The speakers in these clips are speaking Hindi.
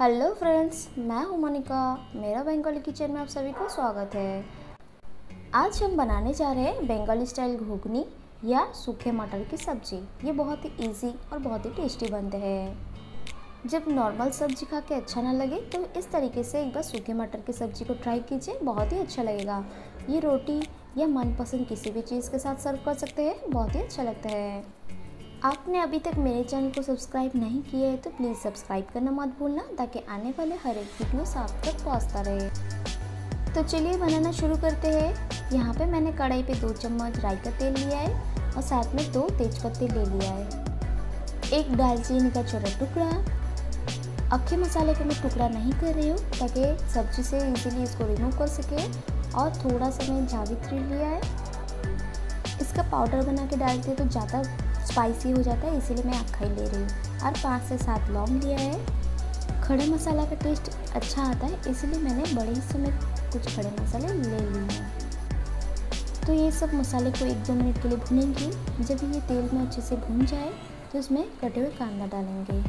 हेलो फ्रेंड्स मैं हूं मोनिका मेरा बंगाली किचन में आप सभी को स्वागत है आज हम बनाने जा रहे हैं बंगाली स्टाइल घुगनी या सूखे मटर की सब्ज़ी ये बहुत ही इजी और बहुत ही टेस्टी बनते हैं जब नॉर्मल सब्जी खा के अच्छा ना लगे तो इस तरीके से एक बार सूखे मटर की सब्ज़ी को ट्राई कीजिए बहुत ही अच्छा लगेगा ये रोटी या मनपसंद किसी भी चीज़ के साथ सर्व कर सकते हैं बहुत ही अच्छा लगता है आपने अभी तक मेरे चैनल को सब्सक्राइब नहीं किया है तो प्लीज़ सब्सक्राइब करना मत भूलना ताकि आने वाले हर एक वीडियोस आप तक पहुँचता रहे तो चलिए बनाना शुरू करते हैं यहाँ पे मैंने कढ़ाई पे दो चम्मच राई का तेल लिया है और साथ में दो तेज पत्ते ले लिया है एक दालचीनी का छोटा टुकड़ा अक्खे मसाले का मैं टुकड़ा नहीं कर रही हूँ ताकि सब्जी से इजीली इसको रिमूव कर सके और थोड़ा सा मैंने जावित्री लिया है इसका पाउडर बना के डालते तो ज़्यादा स्पाइसी हो जाता है इसीलिए मैं अक्खा ही ले रही हूँ और पाँच से सात लौंग लिया है खड़े मसाला का टेस्ट अच्छा आता है इसलिए मैंने बड़े हिस्से में कुछ खड़े मसाले ले लिए हैं तो ये सब मसाले को एक दो मिनट के लिए भुनेंगे जब ये तेल में अच्छे से भून जाए तो इसमें कटे हुए कांदा डालेंगे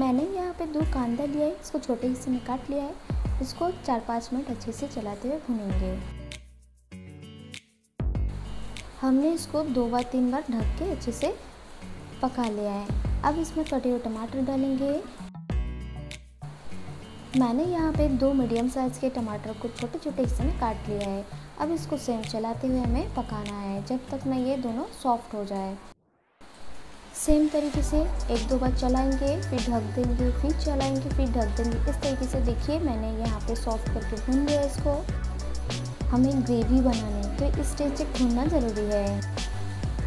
मैंने यहाँ पे दो कांदा लिया है इसको छोटे हिस्से में काट लिया है इसको चार पाँच मिनट अच्छे से चलाते हुए भुनेंगे हमने इसको दो बार तीन बार ढक के अच्छे से पका लिया है अब इसमें कटे हुए टमाटर डालेंगे मैंने यहाँ पे दो मीडियम साइज़ के टमाटर को छोटे छोटे हिस्से में काट लिया है अब इसको सेम चलाते हुए हमें पकाना है जब तक ना ये दोनों सॉफ्ट हो जाए सेम तरीके से एक दो बार चलाएंगे फिर ढक देंगे फिर चलाएंगे फिर ढक देंगे इस तरीके से देखिए मैंने यहाँ पे सॉफ्ट करके भून लिया इसको हमें ग्रेवी बनानी तो इस स्टेज से भूनना ज़रूरी है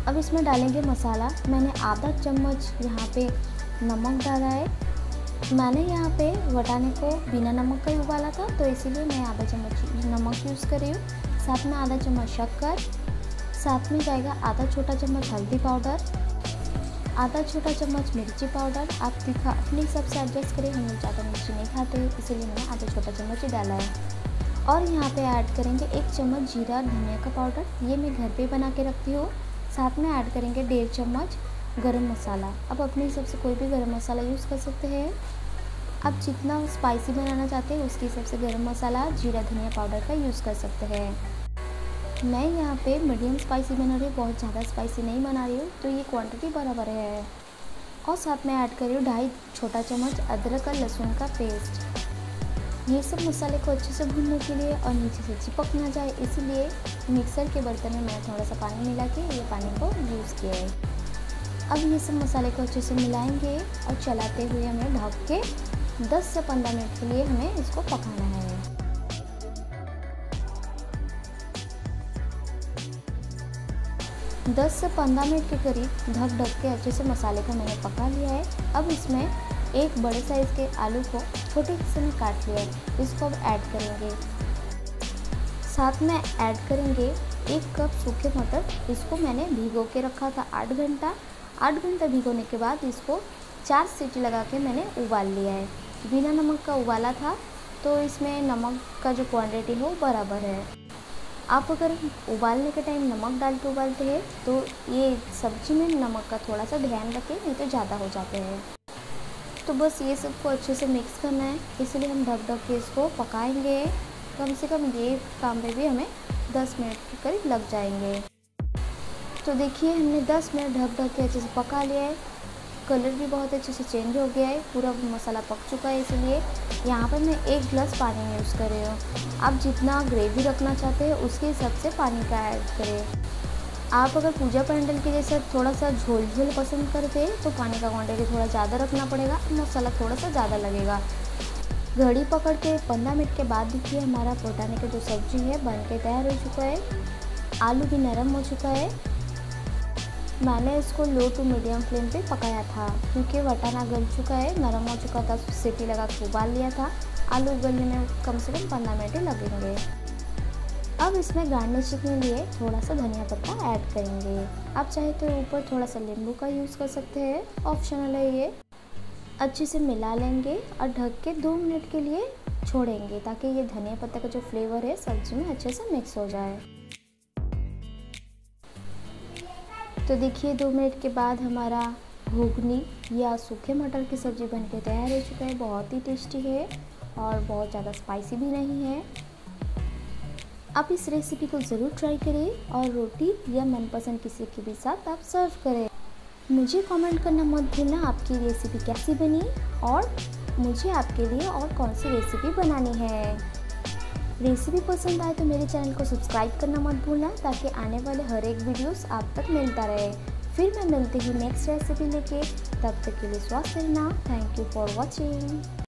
अब इसमें डालेंगे मसाला मैंने आधा चम्मच यहाँ पे नमक डाला है मैंने यहाँ पे वटाने को बिना नमक का ही उबाला था तो इसीलिए मैं आधा चम्मच नमक यूज़ कर रही हूँ साथ में आधा चम्मच शक्कर साथ में जाएगा आधा छोटा चम्मच हल्दी पाउडर आधा छोटा चम्मच मिर्ची पाउडर आप तीखा अपने हिसाब से एडजस्ट करें हम लोग ज़्यादा मिर्ची नहीं खाते इसीलिए मैंने आधा छोटा चम्मच ही डाला है और यहाँ पे ऐड करेंगे एक चम्मच जीरा धनिया का पाउडर ये मैं घर पे बना के रखती हूँ साथ में ऐड करेंगे डेढ़ चम्मच गरम मसाला अब अपने हिसाब से कोई भी गरम मसाला यूज़ कर सकते हैं आप जितना स्पाइसी बनाना चाहते हैं उसके हिसाब से गर्म मसाला जीरा धनिया पाउडर का यूज़ कर सकते हैं मैं यहाँ पे मीडियम स्पाइसी बना रही हूँ बहुत ज़्यादा स्पाइसी नहीं बना रही हूँ तो ये क्वांटिटी बराबर है और साथ में ऐड कर रही हूँ ढाई छोटा चम्मच अदरक और लहसुन का पेस्ट ये सब मसाले को अच्छे से भूनने के लिए और नीचे से चिपक ना जाए इसीलिए मिक्सर के बर्तन में मैंने थोड़ा सा पानी मिला के ये पानी को यूज़ किया है अब ये सब मसाले को अच्छे से मिलाएंगे और चलाते हुए हमें ढक के 10 से 15 मिनट के लिए हमें इसको पकाना है दस से पंद्रह मिनट के करीब ढक ढक के अच्छे से मसाले को मैंने पका लिया है अब इसमें एक बड़े साइज़ के आलू को छोटे हिस्से में काट लिया है इसको अब ऐड करेंगे साथ में ऐड करेंगे एक कप सूखे मटर इसको मैंने भिगो के रखा था आठ घंटा आठ घंटा भिगोने के बाद इसको चार सीटी लगा के मैंने उबाल लिया है बिना नमक का उबाला था तो इसमें नमक का जो क्वांटिटी है वो बराबर है आप अगर उबालने के टाइम नमक डाल के उबालते हैं तो ये सब्ज़ी में नमक का थोड़ा सा ध्यान रखें नहीं तो ज़्यादा हो जाते हैं तो बस ये सबको अच्छे से मिक्स करना है इसलिए हम ढक ढक के इसको पकाएंगे कम से कम ये काम में भी हमें 10 मिनट के करीब लग जाएंगे तो देखिए हमने 10 मिनट ढक ढक के अच्छे से पका लिया है कलर भी बहुत अच्छे से चेंज हो गया है पूरा मसाला पक चुका है इसलिए यहाँ पर मैं एक गिलास पानी यूज़ कर रही हूँ आप जितना ग्रेवी रखना चाहते हैं उसके हिसाब से पानी का ऐड करें आप अगर पूजा पंडल के जैसे थोड़ा सा झोल झोल पसंद करते तो पानी का क्वांटिटी थोड़ा ज़्यादा रखना पड़ेगा मसाला थोड़ा सा ज़्यादा लगेगा घड़ी पकड़ के पंद्रह मिनट के बाद देखिए हमारा पोटाने का जो सब्जी है बन के तैयार हो चुका है आलू भी नरम हो चुका है मैंने इसको लो टू मीडियम फ्लेम पे पकाया था क्योंकि वटाना गल चुका है नरम हो चुका था सीटी लगा के उबाल लिया था आलू गलने में कम से कम पंद्रह मिनट लगेंगे अब इसमें गार्निश के लिए थोड़ा सा धनिया पत्ता ऐड करेंगे आप चाहे तो ऊपर थोड़ा सा नींबू का यूज़ कर सकते हैं ऑप्शनल है ये अच्छे से मिला लेंगे और ढक के दो मिनट के लिए छोड़ेंगे ताकि ये धनिया पत्ता का जो फ्लेवर है सब्जी में अच्छे से मिक्स हो जाए तो देखिए दो मिनट के बाद हमारा घुगनी या सूखे मटर की सब्ज़ी बनके तैयार हो चुका है बहुत ही टेस्टी है और बहुत ज़्यादा स्पाइसी भी नहीं है आप इस रेसिपी को ज़रूर ट्राई करें और रोटी या मनपसंद किसी के भी साथ आप सर्व करें मुझे कमेंट करना मत भूलना आपकी रेसिपी कैसी बनी और मुझे आपके लिए और कौन सी रेसिपी बनानी है रेसिपी पसंद आए तो मेरे चैनल को सब्सक्राइब करना मत भूलना ताकि आने वाले हर एक वीडियोस आप तक मिलता रहे फिर मैं मिलती हूँ नेक्स्ट रेसिपी लेके तब तक के लिए स्वास्थ्य रहना थैंक यू फॉर वॉचिंग